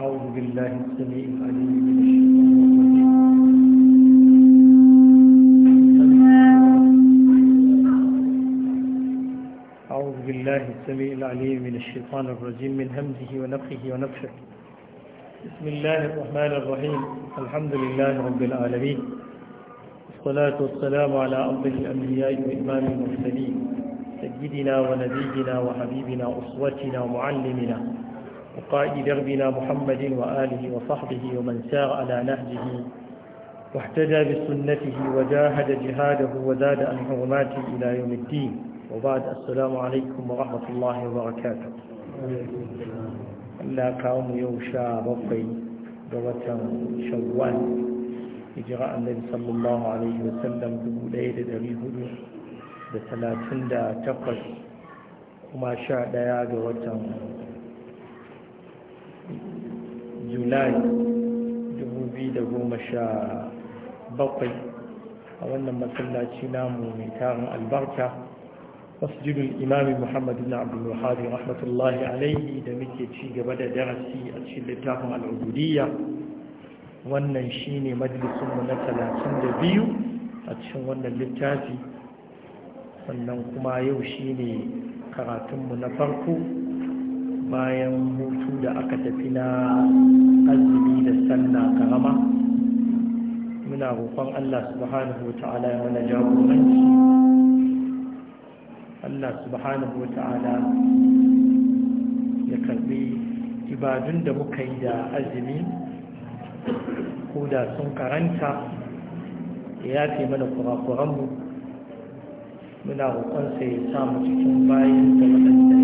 أعوذ بالله السميع العليم من الشيطان الرجيم أعوذ بالله السميع العليم من الشيطان الرجيم من همزه ونفخه ونفخه بسم الله الرحمن الرحيم الحمد لله رب العالمين والصلاة والسلام على أفضل الأنبياء وإمام المرسلين سيدنا ونبينا وحبيبنا أسوتنا ومعلمنا وقائد دربنا محمد وآله وصحبه ومن سار على نهجه واحتجى بسنته وجاهد جهاده وزاد عن حرماته إلى يوم الدين وبعد السلام عليكم ورحمة الله وبركاته الله كاوم يوشى ربي دوة شوال إجراء النبي صلى الله عليه وسلم بوليد دريه بثلاثين دا تقش وما شاء دياد وطن julai bakwai a wannan masallaci namu mai tarin albarka masjidul imami muhammadu na abdullahi rahmatullahi alaihi da muke ci gaba da darasi a cikin littafin al'ubudiyya wannan shi ne majalisunmu na 32 a cikin wannan littafi sannan kuma yau shi ne karatunmu na farko bayan hutu da na azumi da sanna karama muna roƙon Allah subhanahu wa ta'ala ya mana jagoranci Allah subhanahu wa ta'ala ya karbi ibadun da muka yi da azumi ko da sun karanta ya yafe mana kurakuranmu muna roƙonsa ya samu cikin bayan da waɗanda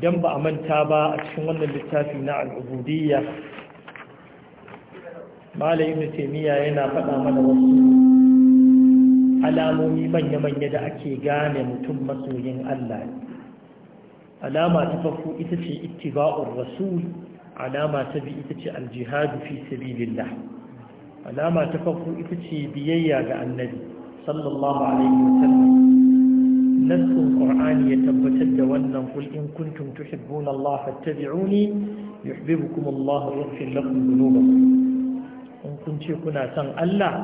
idan ba a manta ba a cikin wannan littafi na al'ubudiyya malayin taimiyya yana faɗa mana wasu alamomi manya-manya da ake gane mutum masoyin Allah alama ta farko ita ce ittiba'ur rasul alama ta bi ita ce aljihadu fi sabilillah alama ta farko ita ce biyayya ga annabi sallallahu alaihi wasallam nassun qur'ani ya tabbatar da wannan kul in kuntum tuhibbuna Allah fattabi'uni yuhibbukum Allah wa yaghfir lafin dhunubakum in kun ce kuna son Allah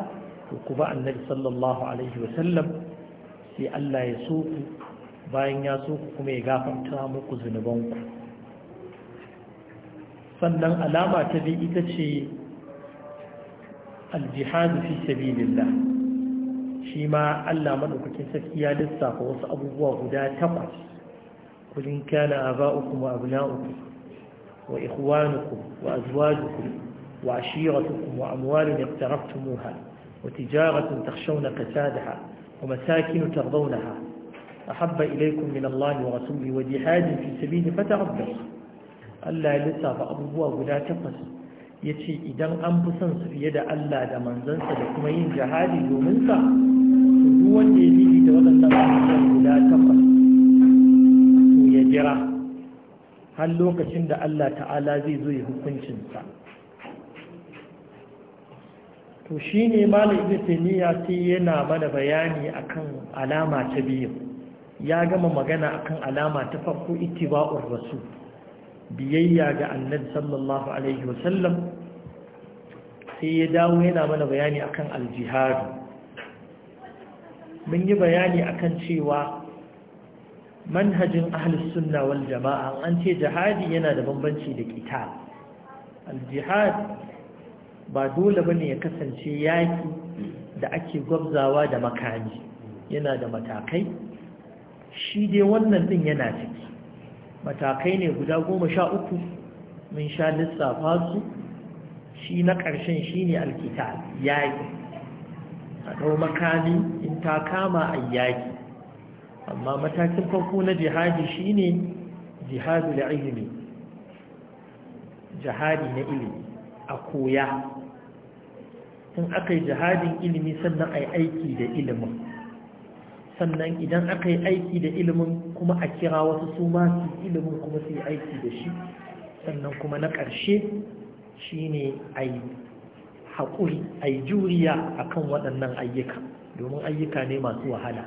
to ku ba annabi sallallahu alaihi wa sallam sai Allah ya so ku bayan ya so ku kuma ya gafarta muku zunubanku sannan alama ta bi ita ce al-jihad fi sabilillah shi ma Allah maɗaukakin sarki ya lissafa wasu abubuwa guda takwas kulin kana aba'ukum wa abna'ukum wa ikhwanukum wa azwajukum wa ashiratukum wa amwalun iqtaraftumuha wa tijaratun takhshawna kasadaha wa masakin tardawnaha ahabba ilaykum min Allah wa rasulihi wa jihadin fi sabili fatarabbasu Allah ya lissafa abubuwa guda takwas ya ce idan an fi son su fiye da Allah da manzansa da kuma yin jihadi domin sa wanda ya bibi da waɗannan abubuwan guda takwas to ya jira har lokacin da Allah ta'ala zai zo ya hukuncinsa to shi ne malam ibn taymiya sai yana mana bayani akan alama ta biyu ya gama magana akan alama ta farko ittiba'ur rasul biyayya ga annabi sallallahu alaihi wasallam sai ya dawo yana mana bayani akan aljihadu mun yi bayani akan cewa manhajin ahlus sunna wal jama'a an ce jihadi yana da bambanci da qital al-jihad ba dole bane ya kasance yaki da ake gwabzawa da makami yana da matakai shi dai wannan din yana ciki matakai ne guda goma sha uku mun sha lissafa su shi na ƙarshen shine ne qital yaki a ɗau makami in ta kama a yaƙi amma matakin farko na jihadi shi ne jihadu da ilimi jihadi na ilimi a koya in aka yi jihadin ilimi sannan a aiki da ilimin sannan idan aka yi aiki da ilimin kuma a kira wasu su masu ilimin kuma su yi aiki da shi sannan kuma na ƙarshe shi shine aiki haƙuri a yi juriya a kan waɗannan ayyuka domin ayyuka ne masu wahala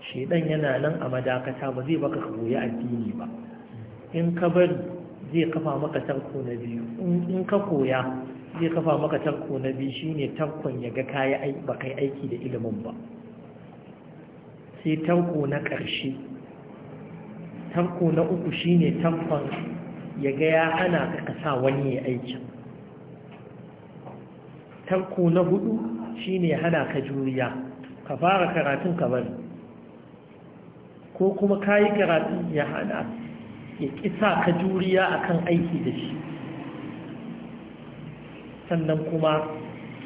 shaidan yana nan a madakata ba zai baka goyi addini ba in ka bari zai kafa maka tarko na biyu in ka koya zai kafa maka tarko na biyu shine tarkon ya ga kayi ba kai aiki da ilimin ba sai tarko na ƙarshe tarko na uku shine tarkon ya ga ya ana ka sa wani ya aikin tarko na hudu ne hana ka juriya ka fara karatun ka bari ko kuma yi karatun ya hana ya kisa ka juriya akan aiki da shi sannan kuma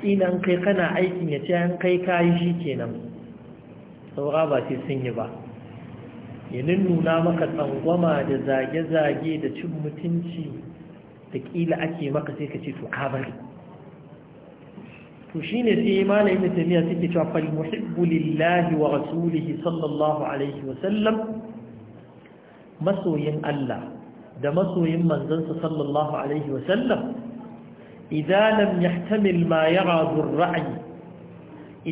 inan kai kana aikin ya ce an kai kayi shi kenan saura ba sai sun yi ba ya nuna maka tsangwama da zage-zage da cin mutunci da ƙila ake maka sai ka ce to ka bari to shine sai malai ibn tamiya take cewa fal muhibbu lillahi wa rasulihi sallallahu alaihi wa sallam masoyin Allah da masoyin manzansa sallallahu alaihi wa sallam idan lam yahtamil ma yara ra'ayi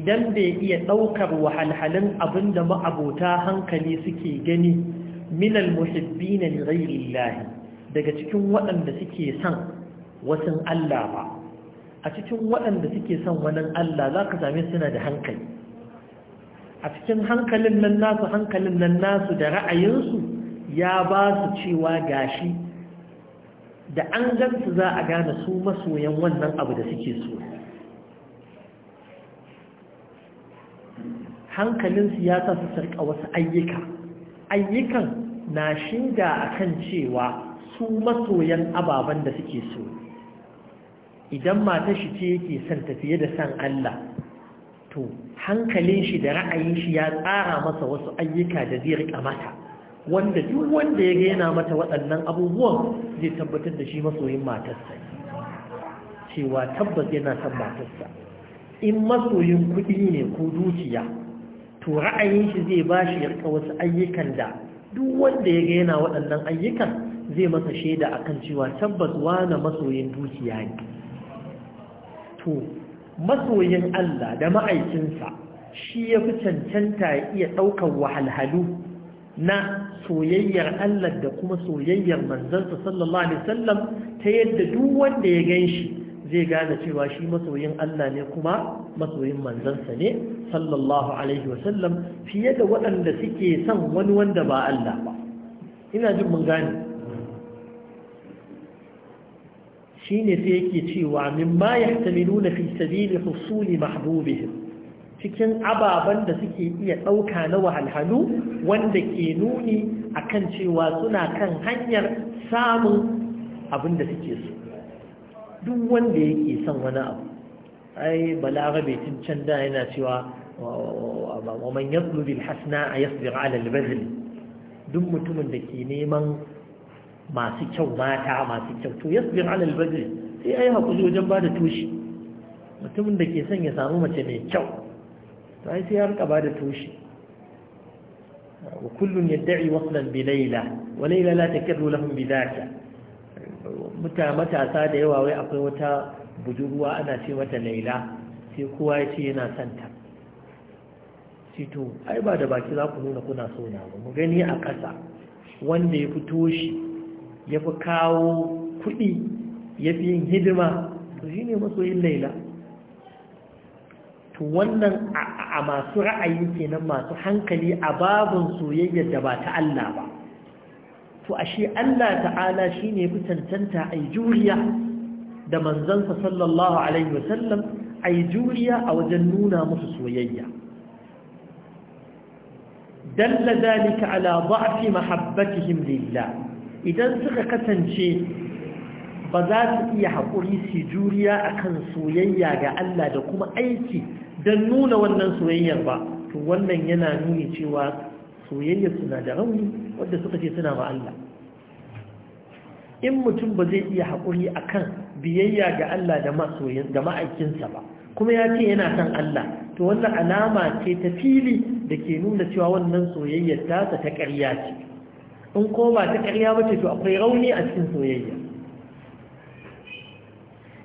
idan bai iya daukar wahalhalin abinda ma'abota hankali suke gani minal muhibbina li ghayri daga cikin waɗanda suke son wasan Allah ba a cikin waɗanda suke son wani Allah za ka same suna da hankali a cikin hankalin nan nasu hankalin nan nasu da ra'ayinsu ya ba su cewa gashi da an gansu za a gane su masoyan wannan abu da suke so hankalinsu ya sa su sarƙa wasu ayyuka ayyukan na a kan cewa su masoyan ababen da suke so idan matar shi ce yake san ta fiye da san Allah to hankalin shi da ra'ayin shi ya tsara masa wasu ayyuka da zai rika mata wanda duk wanda ya ga yana mata waɗannan abubuwan zai tabbatar da shi masoyin matarsa cewa tabbas yana son matarsa in masoyin kuɗi ne ko dukiya to ra'ayin shi zai ba shi rika wasu ayyukan da duk wanda ya ga yana waɗannan ayyukan zai masa shaida akan cewa tabbas wane masoyin dukiya ne to masoyin Allah da ma'aikinsa shi ya fi cancanta ya iya ɗaukar wahalhalu na soyayyar Allah da kuma soyayyar manzansa sallallahu alaihi wasallam ta yadda duk wanda ya gan shi zai gane cewa shi masoyin Allah ne kuma masoyin manzansa ne sallallahu alaihi wasallam fiye da waɗanda suke son wani wanda ba Allah ba ina jin mun gane Shi ne sai yake cewa mimma yahtamiluna fi sabili husuli mahbubihim cikin ababen da suke iya ɗauka na wahalhalu wanda ke nuni akan cewa suna kan hanyar samun abin da suke so duk wanda yake son wani abu ai balarabe tun can da yana cewa wa man yatlubi alhasna yasbir ala albazl duk mutumin da ke neman masu kyau mata masu kyau to bin alal badri sai ayi hakuri wajen bada toshi mutumin da ke son ya samu mace mai kyau to ai sai ya rika bada toshi wa kullun yad'i waslan bi layla wa layla la takru lahum bi dhaka matasa da yawa wai akwai wata budurwa ana ce mata laila sai kowa ya ce yana santa to ai ba da baki za ku nuna kuna so ba mu gani a ƙasa wanda ya fito shi ya fi kawo kuɗi ya fi yin hidima to shi ne masoyin laila to wannan a masu ra'ayi kenan masu hankali a babin soyayyar da ba ta Allah ba to ashe Allah ta'ala shi ne fi cancanta a juriya da manzansa sallallahu alaihi wasallam a juriya a wajen nuna musu soyayya dalla dalika ala ba'fi mahabbatihim lillah idan suka kasance ba za su iya haƙuri su juriya akan soyayya ga Allah da kuma aiki don nuna wannan soyayyar ba to wannan yana nuni cewa soyayya suna da rauni wadda suka ce suna ba Allah in mutum ba zai iya haƙuri akan biyayya ga Allah da ma'aikinsa ba kuma ya ce yana son Allah to wannan alama ce ta fili da ke nuna cewa wannan soyayyar ta ta ƙarya ce in koma ta ƙarya bace to akwai rauni a cikin soyayya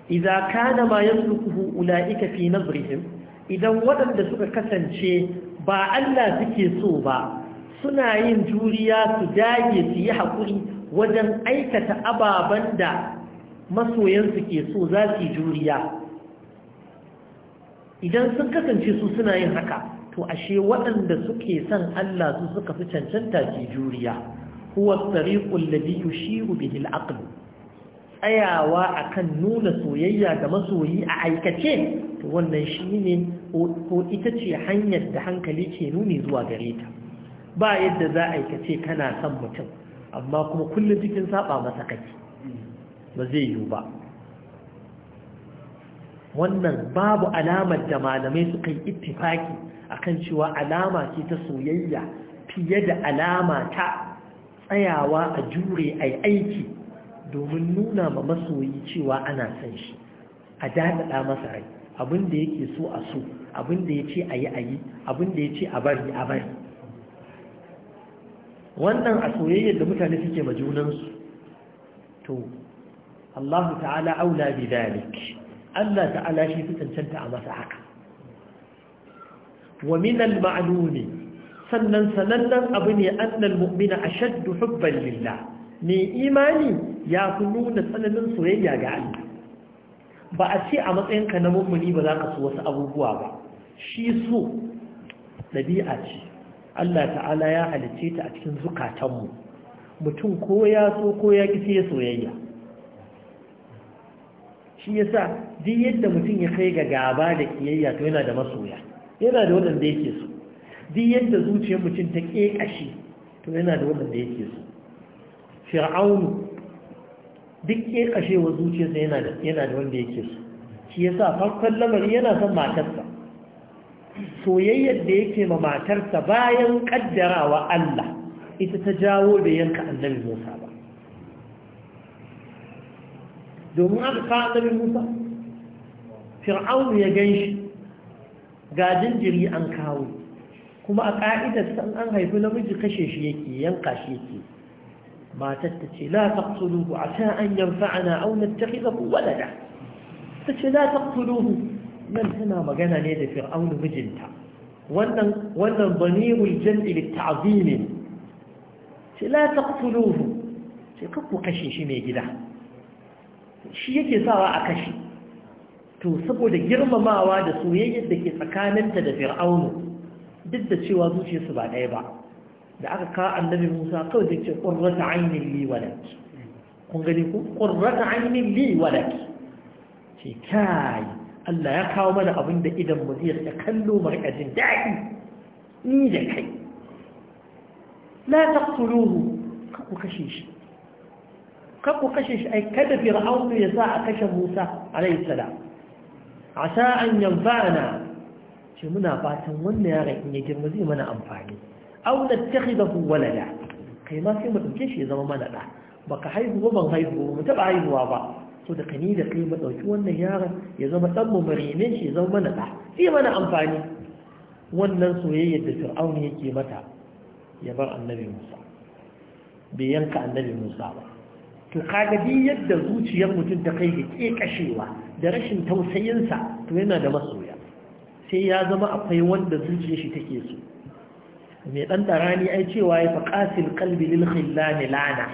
idza da ma yamlukuhu ulaika fi nazrihim idan waɗanda suka kasance ba Allah suke so ba suna yin juriya su dage su yi haƙuri wajen aikata ababen da masoyansu ke so za su yi juriya idan sun kasance su suna yin haka to ashe waɗanda suke son Allah su suka fi cancanta ke juriya huwa tsariƙun tariqu yushiru bihi al tsayawa akan nuna soyayya ga masoyi a aikace ta wannan shine ko ita ce hanyar da hankali ke nuni zuwa gare ta ba yadda za a aikace kana son mutum amma kuma kullum cikin saba masa kake ba zai yiwu ba wannan babu alamar da malamai suka yi ittifaki akan cewa alama ce ta soyayya fiye da alama ta tsayawa a jure a aiki domin nuna ma masoyi cewa ana son shi a daɗaɗa masa rai abin da yake so a so abin da ya ce a yi a yi abin da ya ce a bari a bari wannan a soyayyar da mutane suke ma junansu to Allah ta'ala aula bi dalik Allah ta'ala shi fi cancanta a masa haka wa min al-ma'lumi sannan sanannen abu ne annal mu'mina ashaddu hubban lillah ne imani ya fi nuna tsananin soyayya ga Allah ba a ce a matsayinka na mummuni ba za ka so wasu abubuwa ba shi so ɗabi'a ce Allah ta'ala ya halice ta a cikin zukatanmu mutum ko ya so ko ya ki sai soyayya shi yasa duk yadda mutum ya kai ga gaba da kiyayya to yana da masoya yana da waɗanda yake so duk yadda zuciyar mutum ta ƙeƙashe to yana da wannan yake so fir'aunu duk wa zuciyarsa yana da wanda yake so shi sa farkon lamari yana son matarsa soyayyar da yake ma matarsa bayan kaddarawa Allah ita ta jawo da yanka annabi Musa ba domin aka kawo annabi Musa fir'aunu ya gan shi ga jinjiri an kawo kuma a ƙa'idar san an haifi namiji kashe shi yake yanka shi yake matar ta ce la taqtuluhu asa an yanfa'ana aw nattakhidahu walada ta ce la taqtuluhu nan tana magana ne da fir'aunu mijinta wannan wannan banirul jam'i litta'zim ce la taqtuluhu ce kakku kashe shi mai gida shi yake sawa a kashe to saboda girmamawa da soyayyar da ke tsakaninta da fir'aunu duk da cewa zuciyarsu ba ɗaya ba da aka ka annabi musa kawai zai ce ƙurrata ainihin li walaki kun gani ku ƙurrata ainihin li walaki ce kai Allah ya kawo mana abin da idan mu zai ta kallo marƙajin daɗi ni da kai la taqtuluhu ka ku kashe shi ka ku kashe shi ai kada fir'aunu ya sa a kashe Musa alayhi salam asa an yanfa'ana ce muna fatan wannan yaran in ya girma zai mana amfani aw nattakhidahu walada kai ma sai mu dauke shi ya zama mana da baka haihu ba ban haihu mu taba haihuwa ba so da kani da kai mu dauki wannan yaran ya zama dan mu marine shi ya zama mana da zai mana amfani wannan soyayyar da fir'aun yake mata ya bar annabi Musa bai yanka annabi Musa ba to kaga bi yadda zuciyar mutum ta kai ga kashewa da rashin tausayinsa to yana da masoya sai ya zama akwai wanda zuciya shi take so mai dan darani ai cewa ya faqasil qalbi lil khillan lana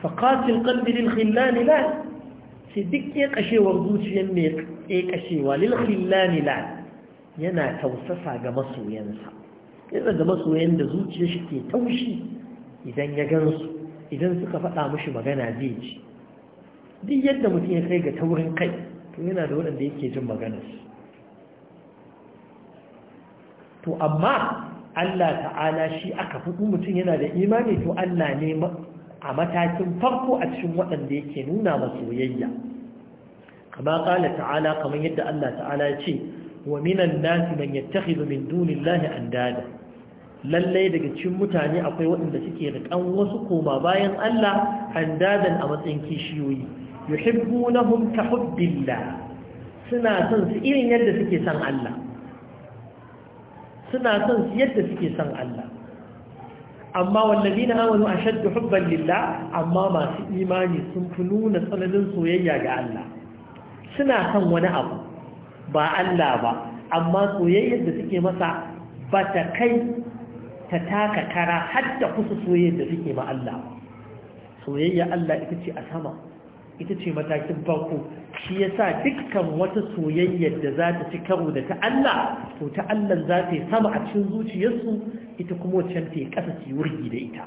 faqasil qalbi lil khillan lana sai duk ya kashewar zuciyar mai ya kashewa lil khillan lana yana tausasa ga masoyansa yana da masoyan da zuciyar shi ke taushi idan ya gansu idan suka faɗa mishi magana zai ji duk yadda mutum ya kai ga taurin kai to yana da waɗanda yake jin maganarsu to amma Allah ta'ala shi aka fi mutum yana da imani to Allah ne a matakin farko a cikin waɗanda yake nuna masoyayya kama ƙala ta'ala kamar yadda Allah ta'ala ce wa minan nasi man yattakhidhu min dunillahi andada Lallai daga cikin mutane akwai waɗanda suke riƙan wasu koma bayan Allah andadan a matsayin kishiyoyi yuhibbunahum ka hubbillah suna son su irin yadda suke son Allah suna son su yadda suke son Allah amma wallabi na amanu a shaddu hubban lillah amma masu imani sun fi nuna tsananin soyayya ga Allah suna son wani abu ba Allah ba amma soyayyar da suke masa ba ta kai ta taka kara har kusa soyayyar da suke ma Allah soyayya Allah ita ce a sama ita ce matakin farko shi sa dukkan wata soyayyar da za ta ci karo da ta Allah to ta'allan Allah za ta yi sama a cikin zuciyarsu ita kuma wancan ta yi ƙasa ci wurgi da ita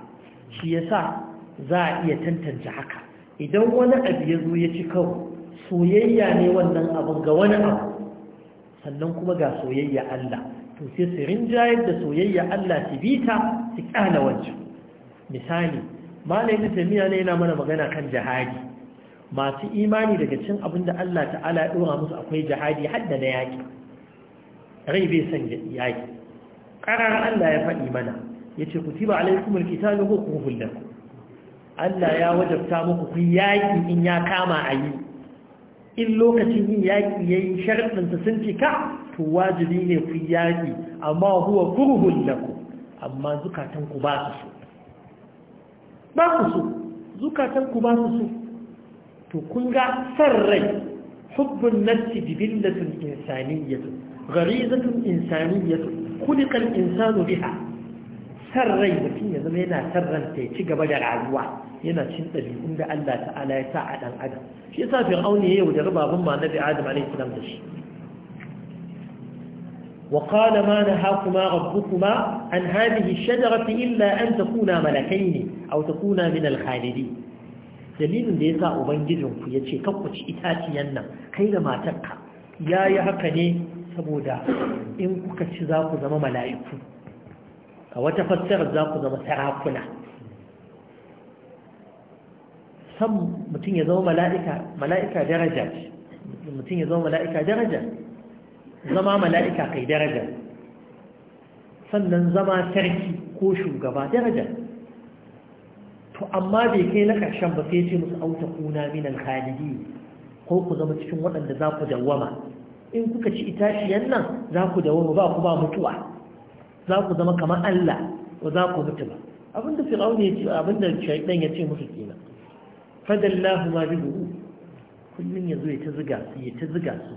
shi yasa za a iya tantance haka idan wani abu ya zo ya ci karo soyayya ne wannan abin ga wani abu sannan kuma ga soyayya Allah to sai su rinjayar da soyayya Allah su bi ta su na wancan misali malamin jami'a ne yana mana magana kan jihadi masu imani daga cin abin da Allah ta'ala ya ɗora musu akwai jihadi hadda na yaƙi rai bai san yaƙi ƙarar Allah ya faɗi mana ya ce ku tiba alaikumul kitabu ko ku Allah ya wajabta muku kun yaƙi in ya kama a yi in lokacin yin yaƙi ya yi sharaɗinsa sun cika to wajibi ne ku yaƙi amma huwa kurhun amma zukatanku ba su so ba su so zukatanku ba su so تكونغا سري حب النفس بذلة إنسانية غريزة إنسانية خلق الإنسان بها سري وكين يزمينا سرن تيتي قبل العزوة ينا تشنت لكم دا الله تعالى يساعد عن عدم شيء صافي غوني هي وجربا غمى نبي عادم عليه السلام دش وقال ما نهاكما ربكما عن هذه الشجرة إلا أن تكونا ملكين أو تكونا من الخالدين dalilin da ya sa ubangijinku ya ce ku ci itaciyan nan kai da matarka ya yi haka ne saboda in kuka ci za ku zama mala'iku a wata fassarar za ku zama sarakuna san mutum ya zama mala'ika daraja mutum ya zama mala'ika daraja zama mala'ika kai daraja sannan zama sarki ko shugaba daraja to amma bai kai na ƙarshen ba sai ce musu auta kuna minan khalidi ko ku zama cikin waɗanda za ku dawwama in kuka ci itaciyan nan za ku dawwama ba ku ba mutuwa za ku zama kamar Allah ba za ku mutu ba abinda fir'auna ya ce abinda shaidan ya ce musu kenan fadallahu ma bihu kullun yazo ya ta ziga su ya ta ziga su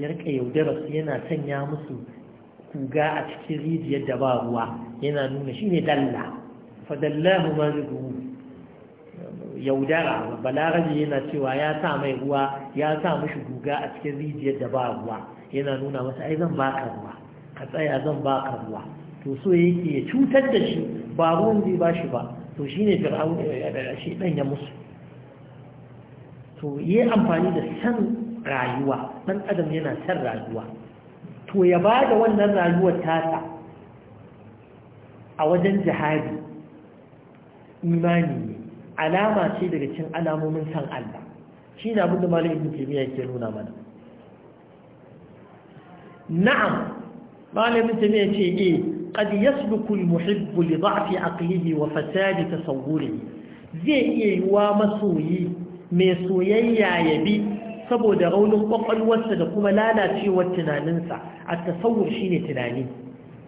ya rika yaudara su yana sanya musu kuga a cikin rijiyar da ba ruwa yana nuna shine dalla fadallahu maliku yaudara balarabi yana cewa ya sa mai ruwa ya sa mashi guga a cikin rijiyar da ba ruwa yana nuna masa ai zan baka ruwa ka tsaya zan baka ruwa to so yake ya cutar da shi ba ruwan zai ba shi ba to shine fir'aun eh, shi dan ya musu to yi amfani da san rayuwa dan adam yana san rayuwa to ya bada wannan rayuwar tasa a wajen jihadi imani ne alama ce daga cin alamomin san Allah shi na abinda malam ibn taymiya ke nuna mana na'am malamin ibn taymiya ce eh qad yasluku al-muhibb li da'fi aqlihi wa fasad tasawwurihi zai iya yiwa masoyi mai soyayya ya bi saboda raunin kwakwalwarsa da kuma lalacewar tunaninsa a tasawur shine tunani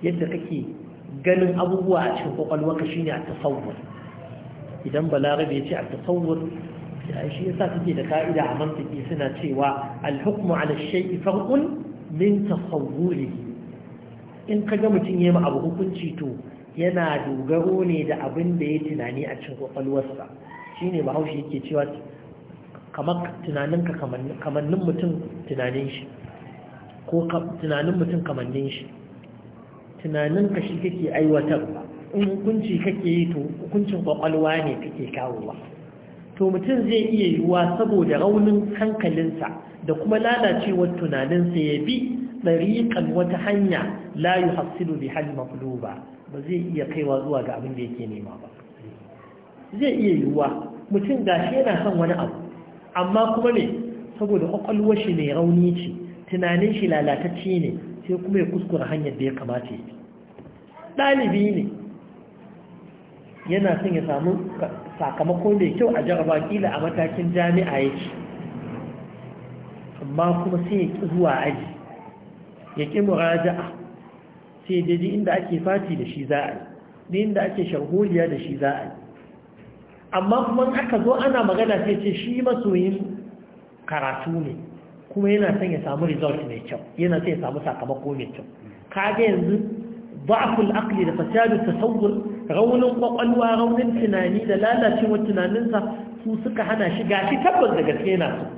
yadda kake ganin abubuwa a cikin kwakwalwarka shine a tasawur idan balarabe ya ce a tasawur shi yasa suke da ka'ida a mantiki suna cewa alhukmu ala shay'i farqun min tasawwuri in kaga mutum yayi abu hukunci to yana dogaro ne da abin da ya tunani a cikin kwakwalwarsa shine bahaushe yake cewa kamar tunaninka kamannin mutum tunanin shi ko tunanin mutum kamannin shi tunaninka shi kake aiwatarwa in hukunci kake yi to hukuncin kwakwalwa ne kake kawowa to mutum zai iya yiwuwa saboda raunin hankalinsa da kuma lalacewar tunaninsa ya bi ɗariƙan wata hanya Layu, hasilu bi hal maqluba ba zai iya kaiwa zuwa ga abin da yake nema ba zai iya yiwuwa mutum gashi yana son wani abu amma kuma ne saboda kwakwalwar shi mai rauni ce tunanin shi lalatacce ne sai kuma ya kuskura hanyar da ya kamata ya bi ɗalibi ne yana son ya samu sakamako mai kyau a jaraba kila a matakin jami'a ya ce amma kuma sai ya ƙi zuwa aji ya ƙi muraja'a sai daji inda ake fati da shi za a yi da inda ake sharholiya da shi za a yi amma kuma aka zo ana magana sai ce shi masoyin karatu ne kuma yana son ya samu result mai kyau yana son ya samu sakamako mai kyau kaga yanzu ba'akul Akli da ta tasawwur raunin kwakwalwa raunin tunani da lalacewar tunaninsa su suka hana shi shi tabbas daga gaske su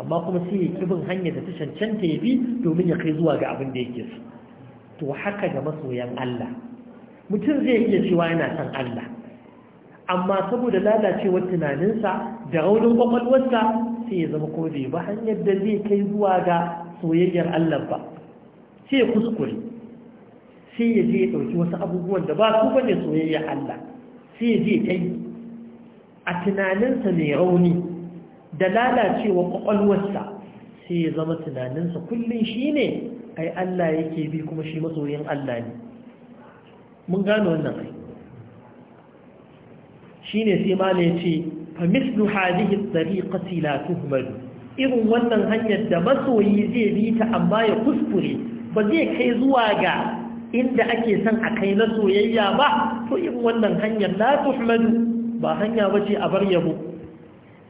amma kuma sai ya kibin hanyar da ta cancanta ya bi domin ya kai zuwa ga abin da yake so to haka ga masoyan Allah mutum zai iya cewa yana son Allah amma saboda lalacewar tunaninsa da raunin kwakwalwarsa sai ya zama ko bai ba hanyar da zai kai zuwa ga soyayyar Allah ba sai ya kuskure sai ya je ya ɗauki wasu abubuwan da ba su bane soyayya Allah sai ya je ta yi a tunaninsa mai rauni da lalacewa ƙwaƙwalwarsa sai ya zama tunaninsa kullum shi ne ai Allah yake bi kuma shi masoyin Allah ne mun gano wannan ai shi ne sai mala ya ce fa mislu hadihi tariqati la tuhmadu irin wannan hanyar da masoyi zai bi ta amma ya kuskure ba zai kai zuwa ga inda ake son a kai na soyayya ba to yin wannan hanyar la tuhmadu ba hanya bace a bar yabo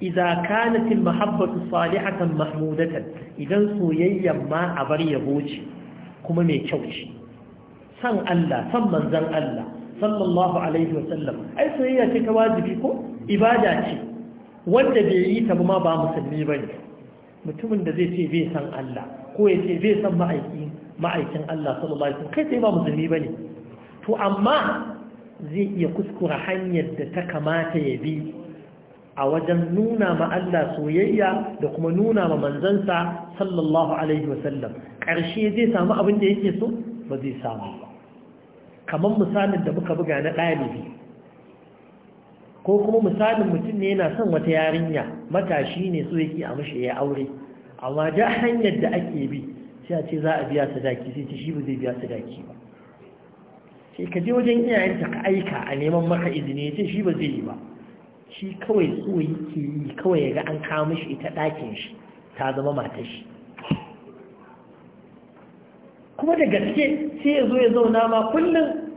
idza kanat al mahabbatu salihatan mahmudatan idan soyayyan ma a bar yabo ce kuma mai kyau ce san Allah san manzon Allah sallallahu alaihi wa sallam ai soyayya ce ta wajibi ko ibada ce wanda bai yi ta ma ba musulmi bane mutumin da zai ce bai san Allah ko ya ce zai san ma'aikin Allah sallallahu alaihi kai sai ba mu musulmi ne. to amma zai iya kuskura hanyar da ta kamata ya bi a wajen nuna ma Allah soyayya da kuma nuna ma manzansa sallallahu alaihi wasallam ƙarshe zai samu abin da yake so ba zai samu kamar misalin da muka buga na ɗalibi ko kuma misalin mutum ne yana son wata yarinya matashi ne so yake a mashi ya aure amma da hanyar da ake bi sai a ce za a biya sadaki sai ta shi ba zai biya sadaki ba sai ka je wajen iyayenta ka aika a neman maka izini ya ce shi ba zai yi ba shi kawai so yake yi kawai ya ga an kawo mishi ita ɗakin shi ta zama mata shi kuma da gaske sai ya zo ya zauna ma kullum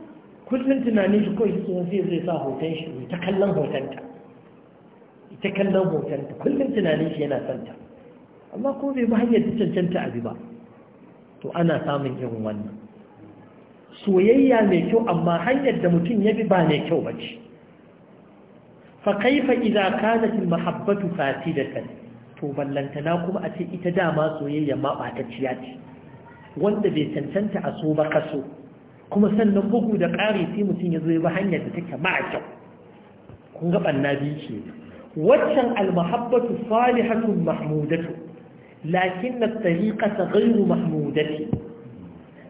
kullum tunanin shi kawai tsohon sai zai sa hoton shi ta kallon hotonta ita kallon hotonta kullum tunanin shi yana son ta amma ko bai ba hanyar ta cancanta abi ba to ana samun irin wannan soyayya mai kyau amma hanyar da mutum ya bi ba mai kyau ba ce fa kaifa idza kanat al mahabbatu fasidatan to ballantana kuma a ce ita dama soyayya ma batacciya ce wanda bai cancanta a so ba kaso kuma sannan bugu da ƙari sai mutum ya zo ya bi hanyar da take ma kyau kun ga banna biyu ce waccan al mahabbatu salihatun mahmudatu lakin at-tariqata ghayru mahmudati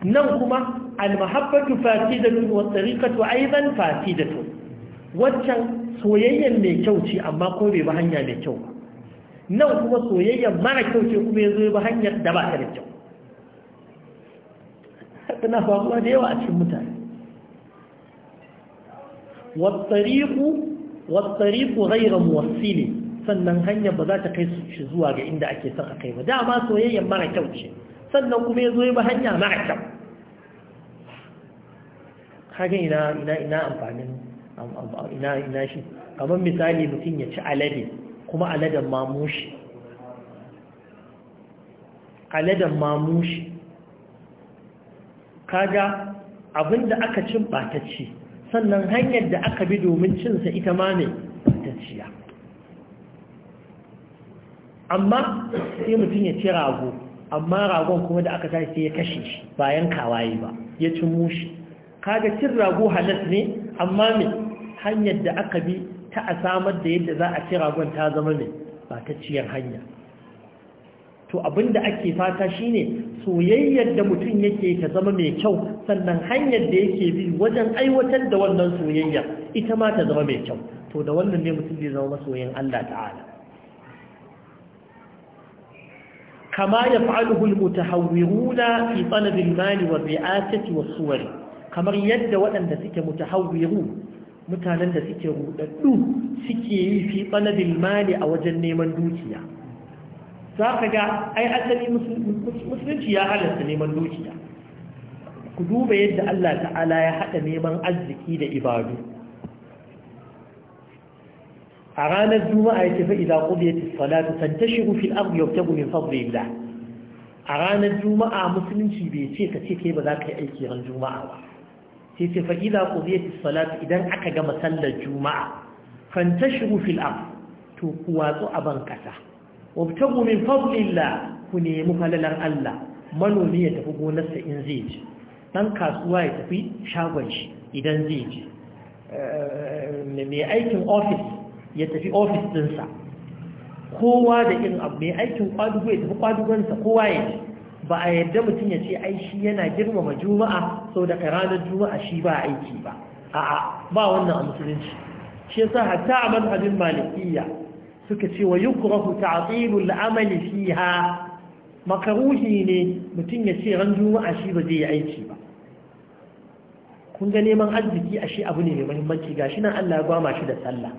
nan kuma al-mahabbatu fasidatun wa at-tariqatu aidan fasidatun waccan soyayyen mai kyau ce amma ko bai ba hanya mai kyau ba nan kuma soyayyen mara kyau ce kuma yazo ba hanyar da ba ta da kyau tana faruwa da yawa a cikin mutane والطريق والطريق غير ne. sannan hanyar ba za ta kai shi zuwa ga inda ake son a kai ba dama soyayyar mara kyau ce sannan kuma ya zo ba hanya mara kyau kaga ina ina ina amfanin ina ina shi kamar misali mutum ya ci alade kuma aladen mamushi aladen mamushi kaga abinda aka cin batacci sannan hanyar da aka bi domin cinsa ita ma ne batacciya amma sai mutum ya ci rago amma ragon kuma da aka tashi sai ya kashe shi bayan kawaye ba ya ci mushi kaga cin rago halas ne amma me hanyar da aka bi ta a samar da yadda za a ci ragon ta zama me ba ta ciyar hanya to abinda ake fata shine soyayyar da mutum yake ta zama mai kyau sannan hanyar da yake bi wajen aiwatar da wannan soyayya ita ma ta zama mai kyau to da wannan ne mutum zai zama masoyin Allah ta'ala kama ya fa’aluhul mutu hauwiruna fi tsanadin mani wa ri’asiti wa suwari kamar yadda waɗanda suke mutu hauwiru mutanen da suke rudaddu suke yi fi tsanadin mani a wajen neman dukiya za ka ga ai asali musulunci ya halarta neman dukiya ku duba yadda allah ta'ala ya haɗa neman arziki da ibadu a ranar juma'a ya yake fa idza qudiyatis salatu fantashiru fil ardi yabtagu min fadlillah a ranar juma'a musulunci bai ce ka ce kai ba za ka yi aiki ran juma'a ba sai ce fa idza qudiyatis salatu idan aka gama sallar juma'a fantashiru fil ardi to ku watsu a ban kasa wabtagu min fadlillah ku nemi halalar Allah manomi ya tafi gonarsa in zai ji dan kasuwa ya tafi shagon shi idan zai ji eh, mai aikin ofis ya tafi ofis ɗinsa kowa da irin abu mai aikin kwadugo ya tafi kwadugonsa kowa ya ce ba a yadda mutum ya ce aishi yana girmama juma'a sau da ranar juma'a shi ba aiki ba a'a ba wannan a musulunci shi yasa hatta a manhajin malikiyya suka ce wa yukrahu ta'tilul amali fiha makaruhi ne mutum ya ce ran juma'a shi ba zai yi aiki ba kun ga neman arziki shi abu ne mai muhimmanci gashi nan Allah ya gwama shi da sallah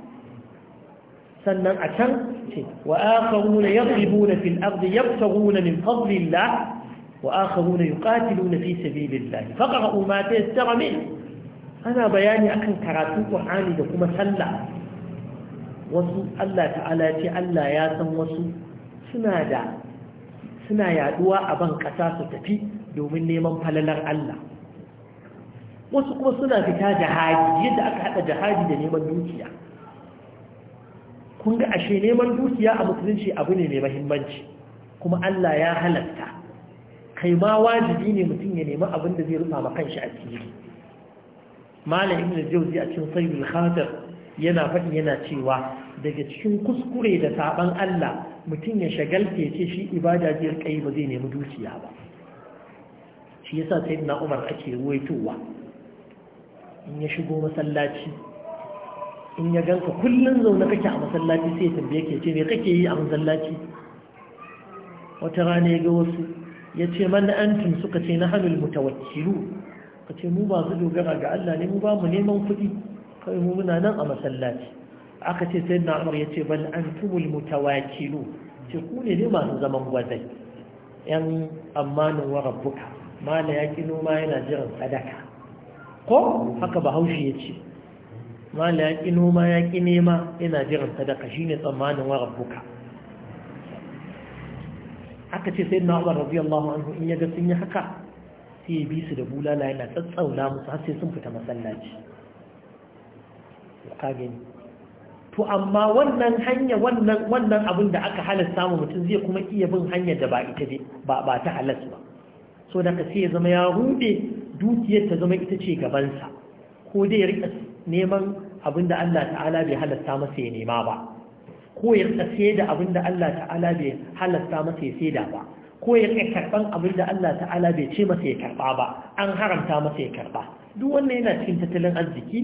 sannan a can ce wa akharuna yadribuna fil ardi yabtaghuna min fadlillah wa akharuna yuqatiluna fi sabilillah faqra'u ya tayassara min ana bayani akan karatun Qur'ani da kuma sallah wasu Allah ta'ala ce Allah ya san wasu suna da suna yaduwa a ban ƙasa su tafi domin neman falalar Allah wasu kuma suna fita jihadi yadda aka haɗa jihadi da neman dukiya kun ga ashe neman dukiya a musulunci abu ne mai mahimmanci kuma Allah ya halatta kai ma wajibi ne mutum ya nemi abin da zai rufa ma kanshi a cikin malam ibn jawzi a cikin sayyid khatir yana faɗi yana cewa daga cikin kuskure da saban Allah mutum ya shagalce ce shi ibada zai kai ba zai nemi dukiya ba shi yasa sayyidina Umar ake ruwaitowa in ya shigo masallaci in ya ganka kullum zaune kake a masallaci sai ya tambaye ke ce me kake yi a masallaci wata rana ya ga wasu ya ce mana tun suka ce na hannun mutawakkilu ka ce mu ba su dogara ga Allah ne mu ba mu neman kuɗi kai mu muna nan a masallaci aka ce sai na umar ya ce bal tumul mutawakkilu ce ku ne ne masu zaman gwazai yan amanin wa rabbuka mala ya kino ma yana jiran sadaka ko haka bahaushe ya ce mala ya ƙi noma ya ƙi nema yana jiran sadaka shi ne tsammanin wa rabbuka aka ce sai na umar rabbi allahu anhu in ya ga sun yi haka sai ya bi su da bulala yana tsatsaula musu har sai sun fita masallaci ka gani to amma wannan hanya wannan wannan abin da aka halasta mu mutum zai kuma iya bin hanyar da ba ita ba ba ta halasta ba so da ka sai ya zama ya rude dukiyar ta zama ita ce gabansa ko dai ya rika neman abinda Allah ta'ala bai halasta masa ya nema ba ko ya tsaye da abinda Allah ta'ala bai halasta masa ya saida ba ko ya karɓan abinda Allah ta'ala bai ce masa ya karɓa ba an haramta masa ya karɓa duk wannan yana cikin tattalin arziki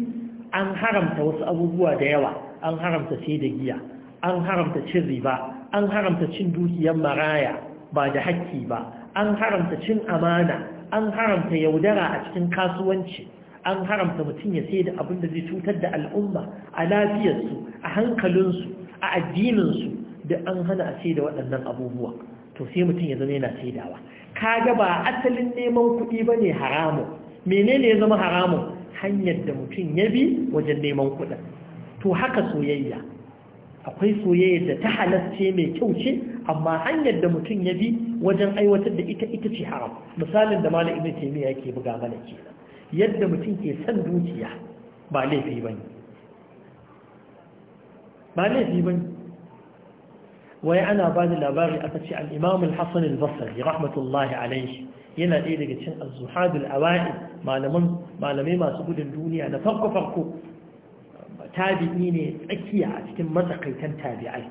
an haramta wasu abubuwa da yawa an haramta sai da giya an haramta cin riba an haramta cin dukiyar maraya ba da hakki ba an haramta cin amana an haramta yaudara a cikin kasuwanci an haramta mutum ya sai da abin da zai cutar da al'umma a lafiyarsu a hankalinsu a addininsu da an hana a sai da waɗannan abubuwa to sai mutum ya zama yana Ka kaga ba asalin neman kuɗi ba ne haramun menene ya zama haramun hanyar da mutum ya bi wajen neman kuɗin to haka soyayya akwai soyayya da ta halarce mai kyau ce amma hanyar da mutum ya bi wajen aiwatar da ita ita ce haram misalin da malam ibn taymiya yake buga mana kenan yadda mutum ke san dukiya ba laifi ba ne ba laifi ba ne wai ana ba da labari aka ce al'imam al-hassan al-basari rahmatullahi alaihi yana ɗaya daga cin azuhadul awa'i malamai masu gudun duniya na farko-farko tabi'i ne tsakiya a cikin matsakaitan tabi'ai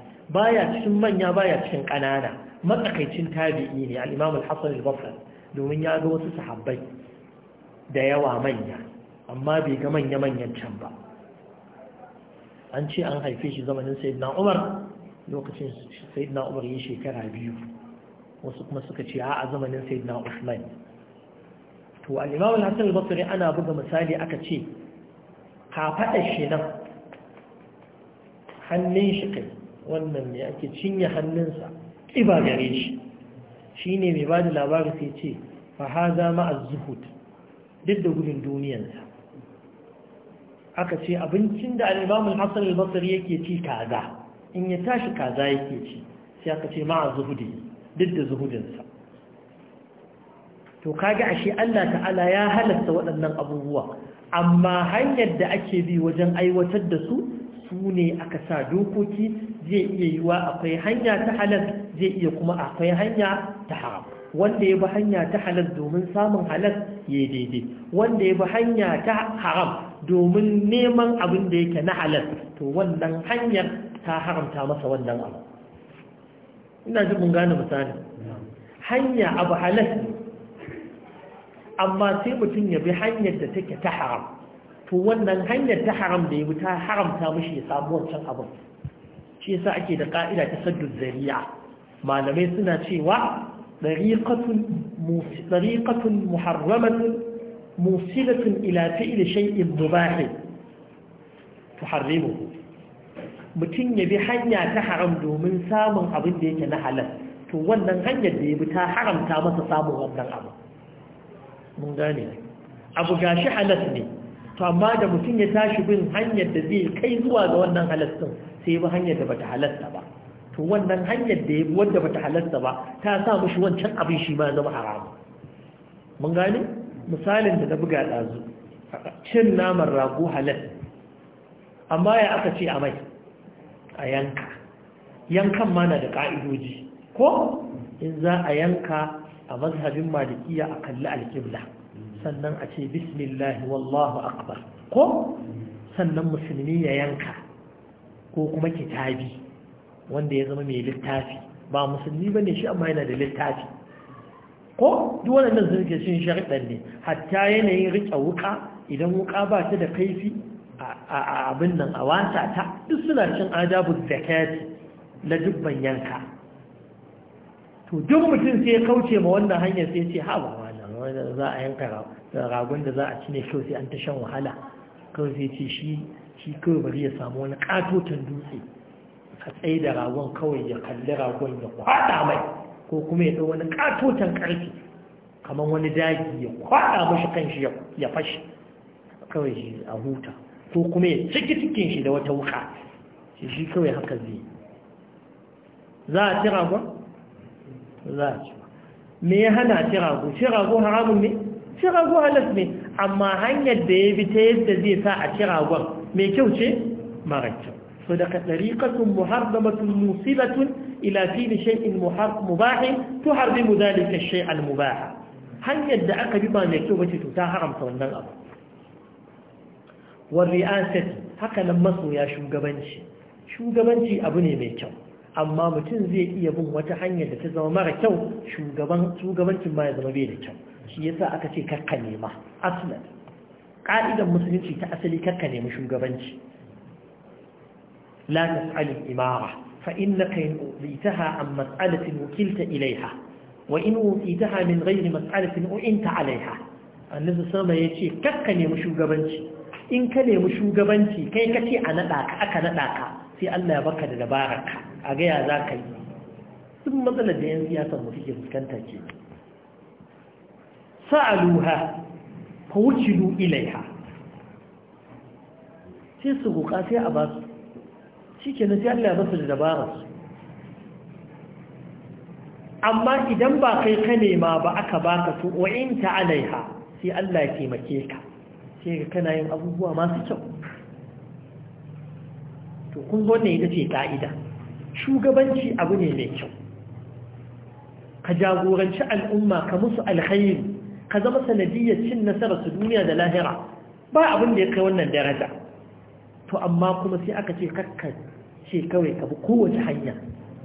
ya cikin manya baya cikin ƙanana matsakaicin tabi'i ne al'imam al-hassan al-basari domin ya ga wasu sahabbai da yawa manya amma bai ga manya-manyan can ba an ce an haife shi zamanin sayyidina umar lokacin sayyidina umar yi shekara biyu wasu kuma suka ce a zamanin sayyidina usman to al-imam al-hasan ana buga misali aka ce kafadar shi nan hannun shi kai wannan ne ake cinye hannunsa kiba gare shi ne mai da labarin sai ce fa haza ma'a zuhud duk da gudun duniyansa aka ce abincin da al'imamun hassan al yake ci kaza in ya tashi kaza yake ci sai aka ce ma'a zuhudi duk da zuhudinsa to kage ashe Allah ta'ala ya halasta waɗannan abubuwa amma hanyar da ake bi wajen aiwatar da su su ne aka sa dokoki zai iya yiwa akwai hanya ta halar zai iya kuma akwai hanya ta haram wanda ya bi hanya ta halal domin samun halal ya daidai wanda ya bi hanya ta haram domin neman abin da yake na halal to wannan hanyar ta haramta masa wannan abu ina ji mun gane misali hanya abu halal amma sai mutum ya bi hanyar da take ta haram to wannan hanyar ta haram da ya bi ta haramta mishi ya samu wancan abin shi yasa ake da ka'ida ta saddu zariya malamai suna cewa طريقة محرمة موصلة إلى فعل شيء مباح تحرمه mutum ya bi hanya ta haram domin samun abin da yake na halal to wannan hanyar da ya bi ta haramta masa samun wannan abu mun gane abu gashi halas ne to amma da mutum ya tashi bin hanyar da zai kai zuwa ga wannan halas din sai bi hanyar da bata halasta ba to wannan hanyar da ya bi ba bata halarta ba ta sa mushi wancan abin shi ma zama haramu mun gani? misalin da na buga ɗazu cin naman rago halal amma ya aka ce a mai a yanka yankan ma na da ƙa'idoji ko in za a yanka a mazhabin malikiya a kalli alƙibla sannan a ce bismillahi wallahu akbar ko sannan musulmi ya yanka ko kuma kitabi wanda ya zama mai littafi ba musulmi ba ne shi amma yana da littafi ko duk nan sun ke cin sharɗan ne hatta yanayin riƙe wuka idan wuka ba ta da kaifi a abin nan a wata ta duk suna cin adabu zakati na dubban yanka to duk mutum sai ya kauce ma wannan hanyar sai ce ha ba wannan za a yanka ragon da za a ci ne kyau sai an ta shan wahala kawai sai ce shi kawai bari ya samu wani katotan dutse ka tsaye da ragon kawai ya kalli ragon ya kwada mai ko kuma ya wani katotan ƙarfi kamar wani daji ya kwada mashi kanshi ya fashi kawai shi a huta ko kuma ya ciki cikin shi da wata wuka shi shi kawai haka zai za a ci ragon? za a ci me ya hana ci ragon? ci ragon haramun ne? ci ragon halas ne amma hanyar da ya bi ta yadda zai sa a ci ragon mai kyau ce? mara kyau sadaqat dariqatun muharramatun musibatun ila fil shay'in muharram mubah tuharrimu dhalika ash-shay' al-mubah hanyar da aka bi ba kyau to bace to ta haramta wannan abu wa ri'asati haka nan masoya shugabanci shugabanci abu ne mai kyau amma mutum zai iya bin wata hanyar da ta zama mara kyau shugabancin ba ya zama bai da kyau shi yasa aka ce karka nema aslan ka'idar musulunci ta asali kar ka nemi shugabanci لا تسأل الإمارة فإنك إن أوتيتها عن مسألة وكلت إليها وإن أوتيتها من غير مسألة أعنت alaiha. annabi sama ya ce kakka nemi shugabanci in ka nemi shugabanci kai ka ce a naɗa ka aka naɗa ka sai Allah ya baka da dabararka a gaya za ka yi sun matsalar da yan siyasar mu suke fuskanta ce sa'aluha fa wucidu ilaiha sai su roƙa sai a basu shi ke nasi Allah masu da dabararsu amma idan ba kai ka nema ba aka baka su wa'in ta alaiha sai Allah ya taimake ka sai ka kana yin abubuwa masu kyau to kun zo ita ce ka'ida shugabanci abu ne mai kyau ka jagoranci al'umma ka musu alkhairi ka zama sanadiyyar cin nasarar su duniya da lahira ba abin da ya kai wannan daraja to amma kuma sai aka ce kakka ce kawai ka bi kowace hanya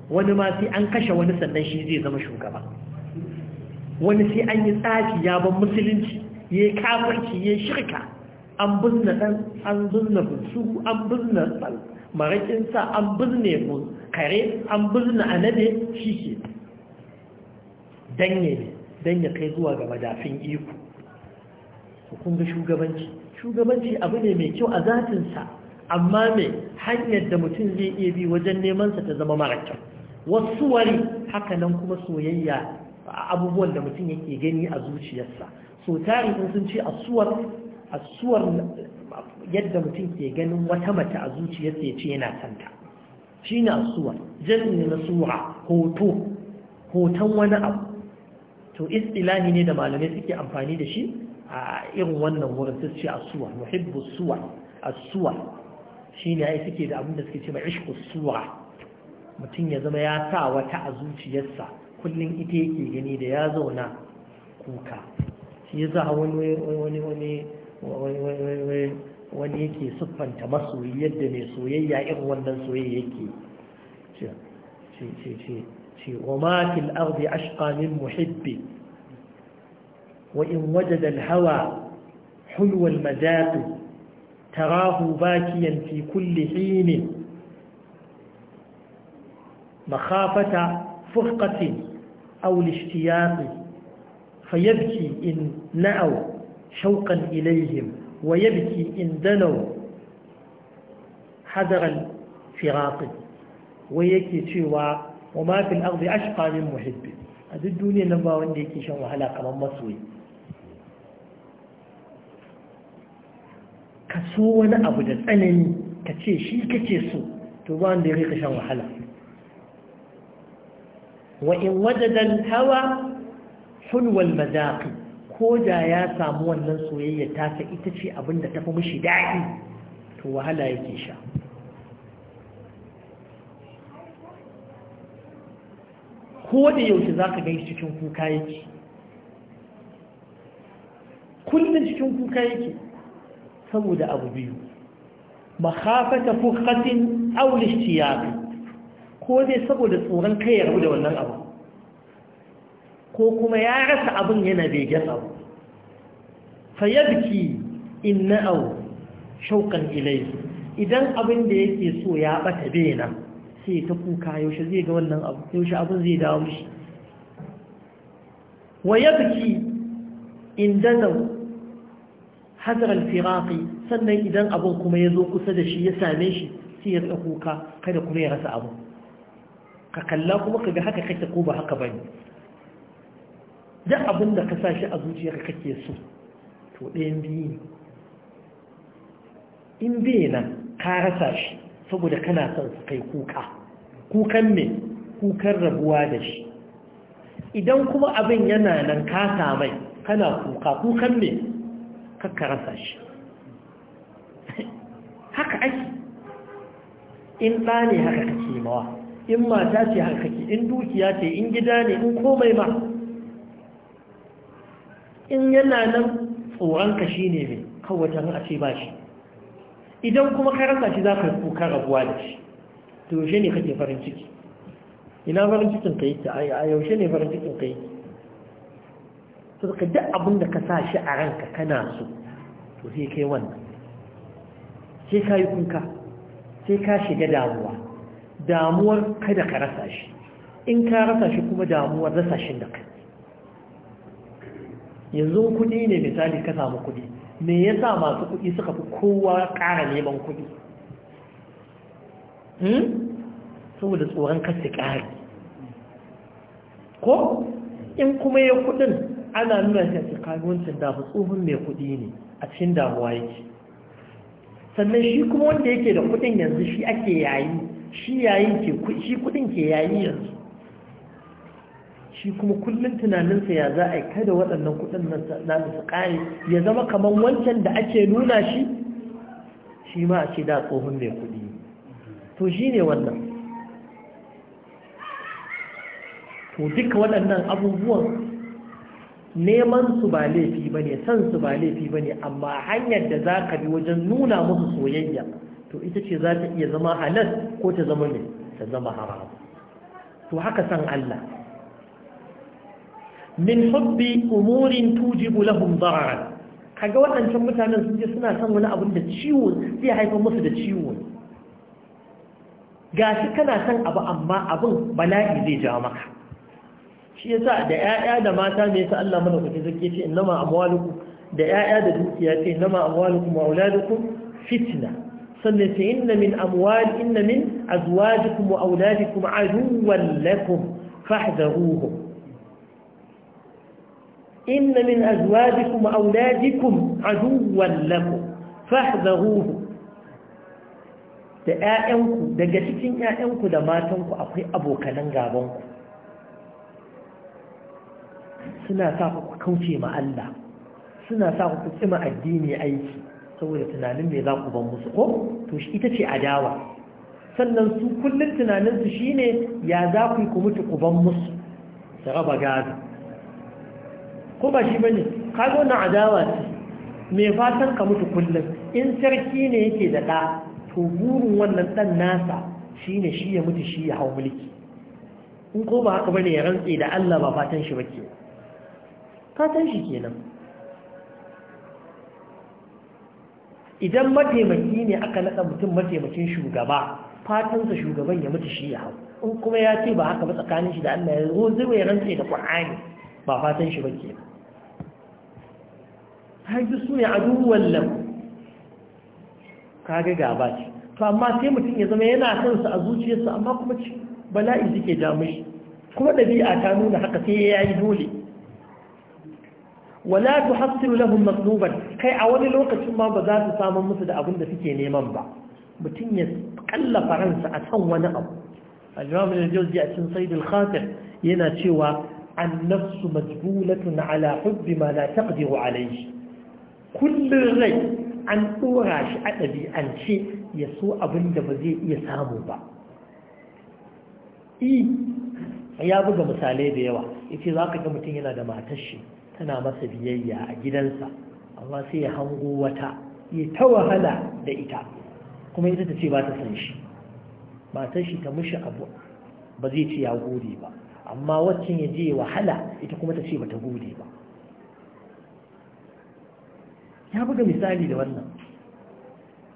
wani ma sai an kashe wani sannan shi zai zama shugaba wani sai an yi tsafi ya ban musulunci ya yi kafarci ya shirka an binne ɗan an binne su an binne ɗan marakinsa an binne kare an a anade shi ke danye don ya kai zuwa ga madafin iko kun shugabanci shugabanci abu ne mai kyau a zatinsa amma me hanyar da mutum zai iya bi wajen neman sa ta zama mara kyau wasu wari haka nan kuma soyayya abubuwan da mutum yake gani a zuciyarsa so tari sun ce asuwar asuwar yadda mutum ke ganin wata mata a zuciyarsa ya ce yana santa shi ne asuwar jami'in na sura hoto hoton wani abu to istilahi ne da malamai suke amfani da shi a irin wannan wurin su ce asuwar muhibbu suwar asuwar shi ne ai suke da abin da suke ce mai ishku suwa mutum ya zama ya sa wata a zuciyarsa kullum ita yake gani da ya zauna kuka shi ya za wani wani wani wani yake siffanta masoyi yadda mai soyayya irin wannan soyayya yake ce wa ma fil ardi min muhibbi wa in wajada hawa hulwal al tarahu bakiyan fi kulli hinin makhafata furqatin aw lishtiyaqi fayabki in na'aw shawqan ilayhim wa yabki in danaw hadaran firaqi wai yake cewa wa ma fil ardi ashqa min muhibbi a duk duniyar nan ba wanda yake shan wahala kamar masoyi ka so wani abu da tsanani ka ce shi kake so to ba wanda ya rika shan wahala wa in wajadan hawa hulwal mazaqi ko da ya samu wannan soyayya ta ta ita ce abin da tafi mishi daɗi to wahala yake sha ko da yaushe za ka gani cikin kuka yake kullum cikin kuka yake saboda abu biyu makhafata fukhatin aw lishtiyaq ko dai saboda tsoron kai ya rabu da wannan abu ko kuma ya rasa abin yana begen abu fayabki in na'au shauqan ilayhi idan abin da yake so ya bata bena sai ta kuka yaushe zai ga wannan abu yaushe abin zai dawo mishi wayabki inda zau hadarar firaki sannan idan abin kuma ya zo kusa da shi ya same shi sai ya tsako ka kada kuma ya rasa abu ka kalla kuma ka ga haka kake ko ba haka bane duk abin da ka sa shi a zuciyarka kake so to ɗayan biyu ne in bai nan ka rasa shi saboda kana son su kai kuka kukan ne kukan rabuwa da shi idan kuma abin yana nan ka samai kana kuka kukan ne kakka rasa shi haka ake in ɗa ne haka kake mawa in mata ce haka kake in dukiya ce in gida ne in komai ma in yana nan tsoronka shi ne mai kawajen a ce ba shi idan kuma ka rasa shi za ka kuka rabuwa da shi to yaushe ne kake farin ciki ina farin cikin ka yi ta a yaushe ne farin cikin ka yi su ka duk abin da ka sa shi a ranka kana so to sai kai wannan sai ka yi kunka sai ka shiga damuwa damuwar kada ka rasa shi in ka rasa shi kuma damuwar rasa shi da kai yanzu kudi ne misali ka samu kudi me yasa masu kudi suka fi kowa ƙara neman kudi hmm? saboda tsoron kasu ƙari ko in kuma ya kudin ana nuna shi a ce kagawancin da tsohon mai kuɗi ne a cikin damuwa yake sannan shi kuma wanda yake da kuɗin yanzu shi ake yayi shi yayin ke shi kuɗin ke yayi yanzu shi kuma kullum tunaninsa ya za a yi kada waɗannan kuɗin na su ƙare ya zama kamar wancan da ake nuna shi shi ma a ce da tsohon mai kuɗi to shi ne wannan to duka waɗannan abubuwan neman su ba laifi ne san su ba laifi ba ne, amma hanyar da za ka bi wajen nuna musu soyayya to ita ce za ta iya zama halal ko ta zama ne ta zama haram to haka san Allah min hubbi umurin tujibu lahum dararan kaga waɗancan mutanen sun je suna son wani abin da ciwo zai haifar musu da ciwo gashi kana son abu amma abin bala'i zai jawo maka shi yasa da ƴaƴa da mata me yasa Allah mana kuke zake ce innama amwalukum da ƴaƴa da dukiya ce innama amwalukum wa auladukum fitna sannan ce inna min amwal inna min azwajikum wa auladikum aduwwan lakum fahdharuhum inna min azwajikum wa auladikum aduwwan lakum fahdharuhum da ƴaƴanku daga cikin ƴaƴanku da matanku akwai abokanan gabanku suna sa ku kauce ma Allah suna sa ku tsima addini aiki saboda tunanin me za ku ban musu ko to shi ita ce adawa sannan su kullum tunaninsu shine ya za ku yi ku mutu ku ban musu su raba gado ko ba shi bane kaga wannan adawa ce me fatan ka mutu kullum in sarki ne yake da ɗa to burin wannan ɗan nasa shine shi ya mutu shi ya hau mulki in ko ba haka bane ya rantse da Allah ba fatan shi ba ke ka shi kenan idan mataimaki ne aka naɗa mutum mataimakin shugaba fatansa shugaban ya mutu shi ya hau in kuma ya ce ba haka ba tsakanin shi da Allah ya zo zai rantse da Qur'ani ba fatan shi bake haidu su ne aduwwan lam ga gaba ce to amma sai mutum ya zama yana son su a zuciyarsa amma kuma bala'i suke jamushi shi kuma ɗabi'a ta nuna haka sai ya yi dole wala tuhassilu lahum matluban kai a wani lokacin ma ba za su samu musu da abin da suke neman ba mutum ya kalla ransa a kan wani abu al-imam al-jawzi a cikin sayyid al yana cewa an-nafsu majbulatun ala hubbi ma la taqdiru alayhi kullun rai an dora shi a dabi'ance ya so abin da ba zai iya samu ba i ya buga misalai da yawa yace zaka ga mutum yana da matar shi tana masa biyayya a gidansa amma sai ya hango wata ya ta wahala da ita kuma ita ta ce ba ta san shi matar shi ta mushi abu ba zai ce ya gode ba amma waccan ya je wahala ita kuma ta ce ba ta gode ba ya buga misali da wannan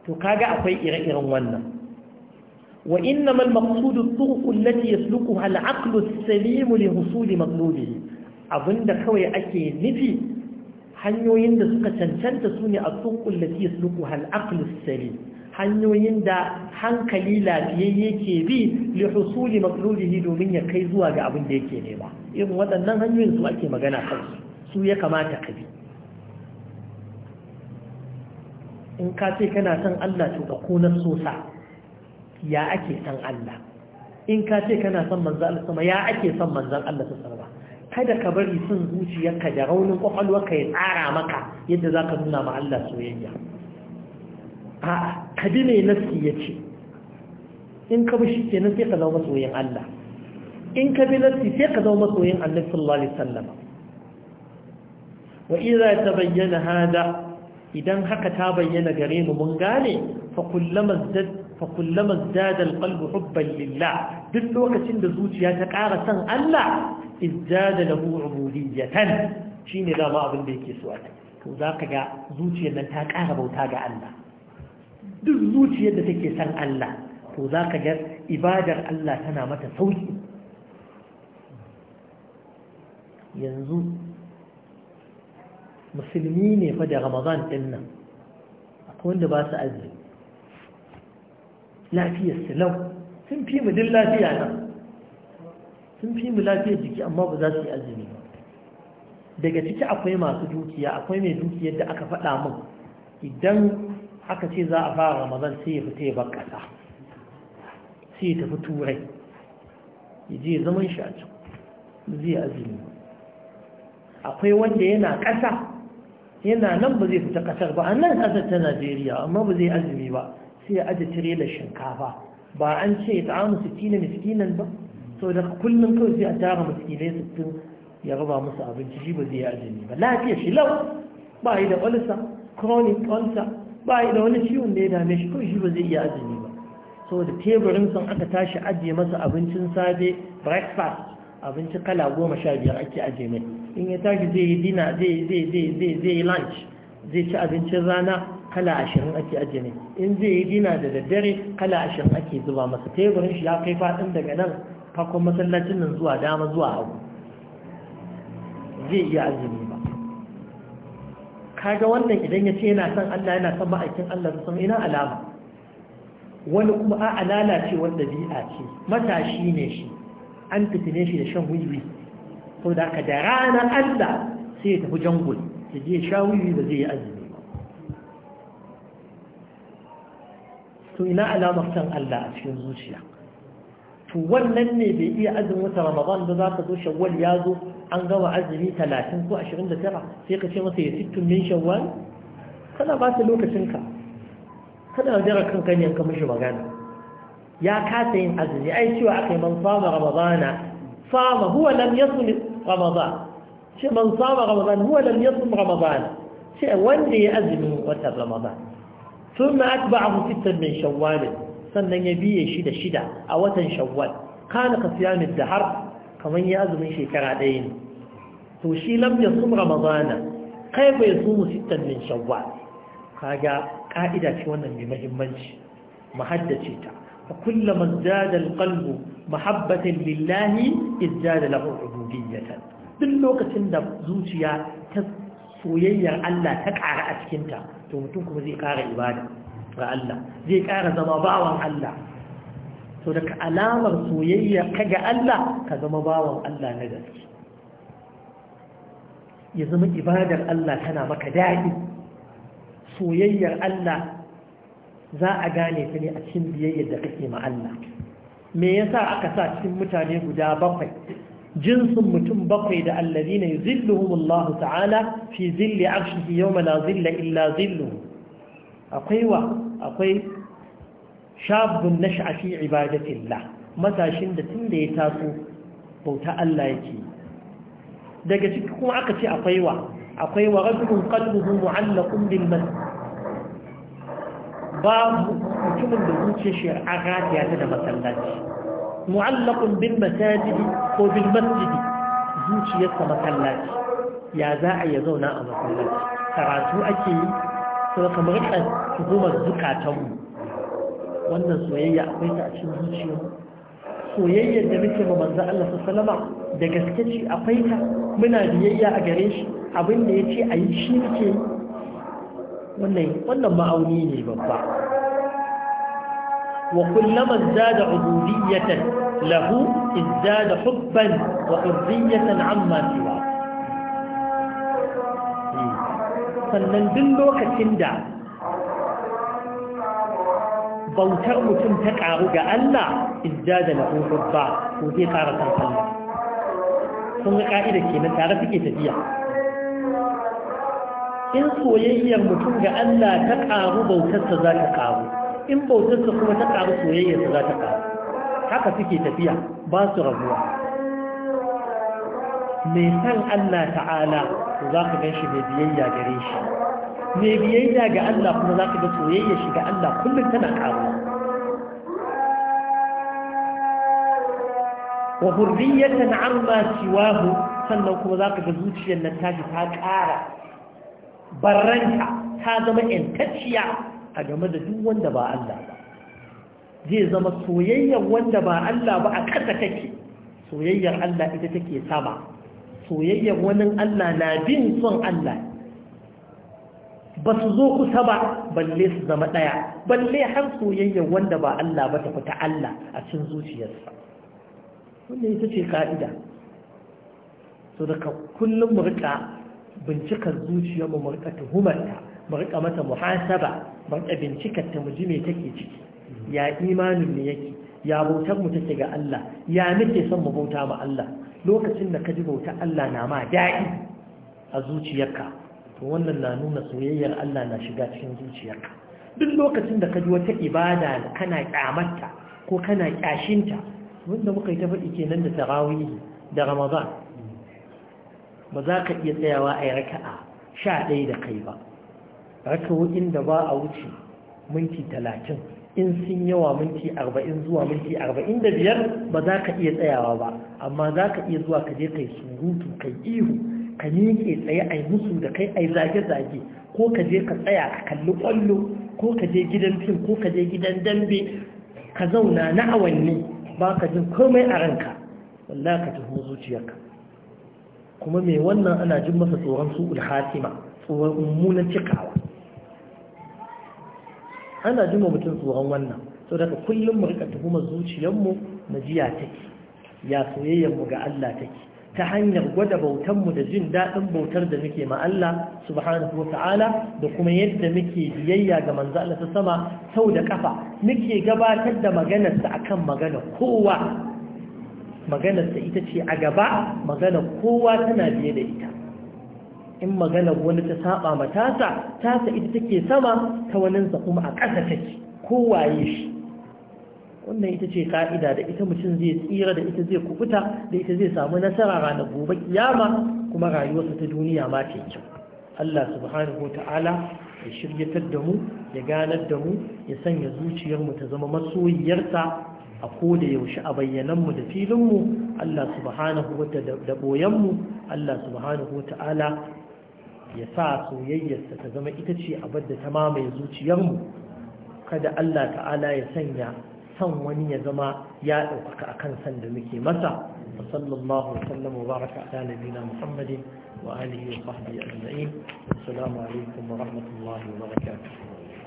to kaga akwai ire-iren wannan وإنما المقصود الطرق التي يسلكها العقل السليم لحصول مطلوبه abinda kawai ake nufi hanyoyin da suka cancanta su ne a tunkun lafiya suku hal'aklus sari hanyoyin da hankali lafiyayye ke bi lihusuli maklulihi domin ya kai zuwa ga abin da yake nema irin waɗannan hanyoyin su ake magana kansu su ya kamata ka bi in ka ce kana son Allah to ka na sosa ya ake son Allah in ka ce kana son manzan Allah sama ya ake son manzan Allah sama kada ka bari sun zuciyarka da raunin kwakwalwarka ya tsara maka yadda za ka nuna ma Allah soyayya a kadi mai nasi ya ce in ka bi shi kenan sai ka zama masoyin Allah in ka bi nasi sai ka zama masoyin annabi sallallahu alaihi wasallam wa idza tabayyana hada idan haka ta bayyana gare mu mun gane fa kullama zad فكلما ازداد القلب حبا لله duk lokacin da zuciya ta ƙara son Allah izdada lahu ubudiyatan shine da ma abin da yake so a to zaka ga zuciyar nan ta ƙara bauta ga Allah duk zuciyar da take san Allah to zaka ga ibadar Allah tana mata sauki yanzu musulmi ne fa da Ramadan din nan akwai wanda ba su azumi lafiyar silau sun fi mu din lafiya nan sun fi mu lafiyar jiki amma ba za su yi azumi daga ciki akwai masu dukiya akwai mai dukiyar da aka faɗa min idan aka ce za a fara ramadan sai ya fita ya bar ƙasa sai ya tafi turai ya je zaman shi a cikin zai azumi akwai wanda yana ƙasa yana nan ba zai fita ƙasar ba a nan ƙasar ta najeriya amma ba zai azumi ba sai aje da shinkafa ba an ce ta amu sikina miskinan ba sau da kullum kawai sai a tara miskinai tun ya raba musu abinci shi ba zai yi ajiye ba lafiya shi lau ba yi da kwalisa, chronic ulcer ba yi da wani ciwon da ya dame shi kawai shi ba zai yi ajiye ba sau da teburin sun aka tashi ajiye masa abincin safe breakfast abinci kala goma sha biyar ake ajiye mai in ya tashi zai yi dina zai yi lunch zai ci abincin rana kala ashirin ake ajiye mai in zai yi dina da daddare kala ashirin ake zuba masa teburin shi ya kai faɗin daga nan fakon masallacin nan zuwa dama zuwa hagu zai iya azumi ba kaga wannan idan ya ce yana son Allah yana son ma'aikin Allah su san ina alama wani kuma a alala ce wanda bi'a ce matashi ne shi an fitine shi da shan wiwi Ko da aka da ranar Allah sai ya tafi jangul ya je sha wiwi ba zai yi azumi to ina alamar san Allah a cikin zuciya to wannan ne bai iya azumin wata ramadan da za ka zo shawwal ya zo an gama azumi talatin ko ashirin da tara sai ka ce masa ya sittun min shawwal kana ba ta ka, kana jira kanka ne ka mishi magana ya kasa yin azumi ai cewa aka yi man fama ramadana fama huwa lam yasum ramadan ce man fama ramadan huwa lam yasum ramadan ce wanda ya azumi watan ramadan sun na atiba a hukittar mai shawwalin sannan ya biye shi da shida a watan shawwal kana ka siya da har kamar ya azumin shekara ɗaya ne to shi lamya sun ramazana kai bai su musittar mai shawwal kaga ka'ida ce wannan mai mahimmanci mahaddace ta a kulla mazadar kalbu mahabbatin lillahi izjada lahu ubudiyyatan duk lokacin da zuciya soyayyar Allah ta ƙara a cikinta to mutum kuma zai ƙara ibada ga Allah zai ƙara zama bawan Allah to daga alamar soyayya ka ga Allah ka zama bawan Allah na gaske ya zama ibadar Allah tana maka daɗi soyayyar Allah za a gane ta ne a cikin biyayyar da kake ma Allah me yasa aka sa cikin mutane guda bakwai jinsin mutum bakwai da allazina yuzilluhum Allah ta'ala fi zilli arshihi yawma la zilla illa zillu akwai wa akwai shabun nash'a fi ibadatillah matashin da tun da ya taso bauta Allah yake daga ciki kuma aka ce akwai wa akwai wa rajulun qalbuhu mu'allaqun bil masjid babu mutumin da zuciyar shi a ratiya ta da masallaci mu'allaqun bil masajidi ko bil masjidi zuciyarsa masallaci ya za a ya zauna a masallaci karatu ake yi sai kamar rika tuhumar zukatanmu wannan soyayya akwai ta a cikin zuciyarmu soyayyar da muke ma manzo Allah sallama da gaske ci akwai ta muna biyayya a gare shi abin da yace ayi shi muke wannan wannan ma'auni ne babba وكلما ازداد عبودية له ازداد حبا وحرية عما سواه فلنبن لوكا تندع بوتر متم تقع رجاء الله ازداد له حبا وذي قارة الفلم ثم قائدة كما تعرف كيف تبيع إن صويا متم تقع رجاء الله تقع رجاء الله in bautarsa kuma ta ƙaru soyayyarsa za ta ƙaru haka suke tafiya ba su rabuwa mai san Allah ta'ala za ka gan shi mai biyayya gare shi mai biyayya ga Allah kuma za ka ga soyayya shi ga Allah kullum tana ƙaru. wa hurriyatan amma siwahu sannan kuma za ka ga zuciyar nan tashi ta ƙara barranta ta zama 'yantacciya a game da duk wanda ba Allah ba zai zama soyayyar wanda ba Allah ba a ƙasa take soyayyar Allah ita take sama soyayyar wani Allah na bin son Allah ba su zo kusa ba balle su zama ɗaya balle har soyayyar wanda ba Allah ba ta fita Allah a cin zuciyarsa wannan ita ce ka'ida so daga kullum mu bincikar zuciyarmu mu murka tuhumarta murka mata muhasaba ban bincikar ta muji mai take ciki ya imanin ne yake ya bautar mu take ga Allah ya muke son mu bauta ma Allah lokacin da ka ji Allah na ma daɗi a zuciyarka to wannan na nuna soyayyar Allah na shiga cikin zuciyarka duk lokacin da ka ji wata ibada kana kyamarta ko kana kyashinta wanda muka yi ta faɗi kenan da tarawih da ramadan ba za ka iya tsayawa a yi raka'a sha ɗaya da kai ba rakawoyin da ba a wuce minti talatin in sun yawa minti arba'in zuwa minti arba'in da biyar ba za ka iya tsayawa ba amma za ka iya zuwa ka je kai surutu kai ihu ka miƙe tsaye ai musu da kai ai zage-zage ko ka je ka tsaya ka kalli ƙwallo ko ka je gidan fim ko ka je gidan dambe ka zauna na awanni ba ka jin komai a ranka wallah ka tuhu zuciyarka kuma mai wannan ana jin masa tsoron su ulhatima tsoron mummunan cikawa ana jima mutum tsoron wannan sau daga kullum mu rika tuhumar zuciyarmu na jiya take ya mu ga Allah take ta hanyar gwada bautanmu da jin daɗin bautar da muke ma Allah subhanahu wata'ala da kuma yadda muke biyayya ga manzo Allah ta sama sau da kafa muke gabatar da maganarsa akan magana kowa maganarsa ita ce a gaba magana kowa tana biye da ita in maganar wani ta saba ma tasa tasa ita take sama ta wani kuma a ƙasa take kowaye shi wannan ita ce ka'ida da ita mutum zai tsira da ita zai kubuta da ita zai samu nasara ranar gobe kiyama kuma rayuwarsa ta duniya ma ce kyau Allah subhanahu wa ta'ala ya shiryatar da mu ya ganar da mu ya sanya zuciyarmu ta zama masoyiyarsa a koda yaushe a bayyananmu da filinmu Allah subhanahu wa da boyanmu Allah subhanahu wa ta'ala ya sa soyayyarsa ta zama ita ce abin ta mamaye zuciyarmu kada Allah ta'ala ya sanya san wani ya zama ya ɗaukaka a kan san da muke masa wa sallallahu wa sallam baraka ala nabiyina muhammadin wa alihi wa ajma'in assalamu alaikum wa rahmatullahi wa barakatuh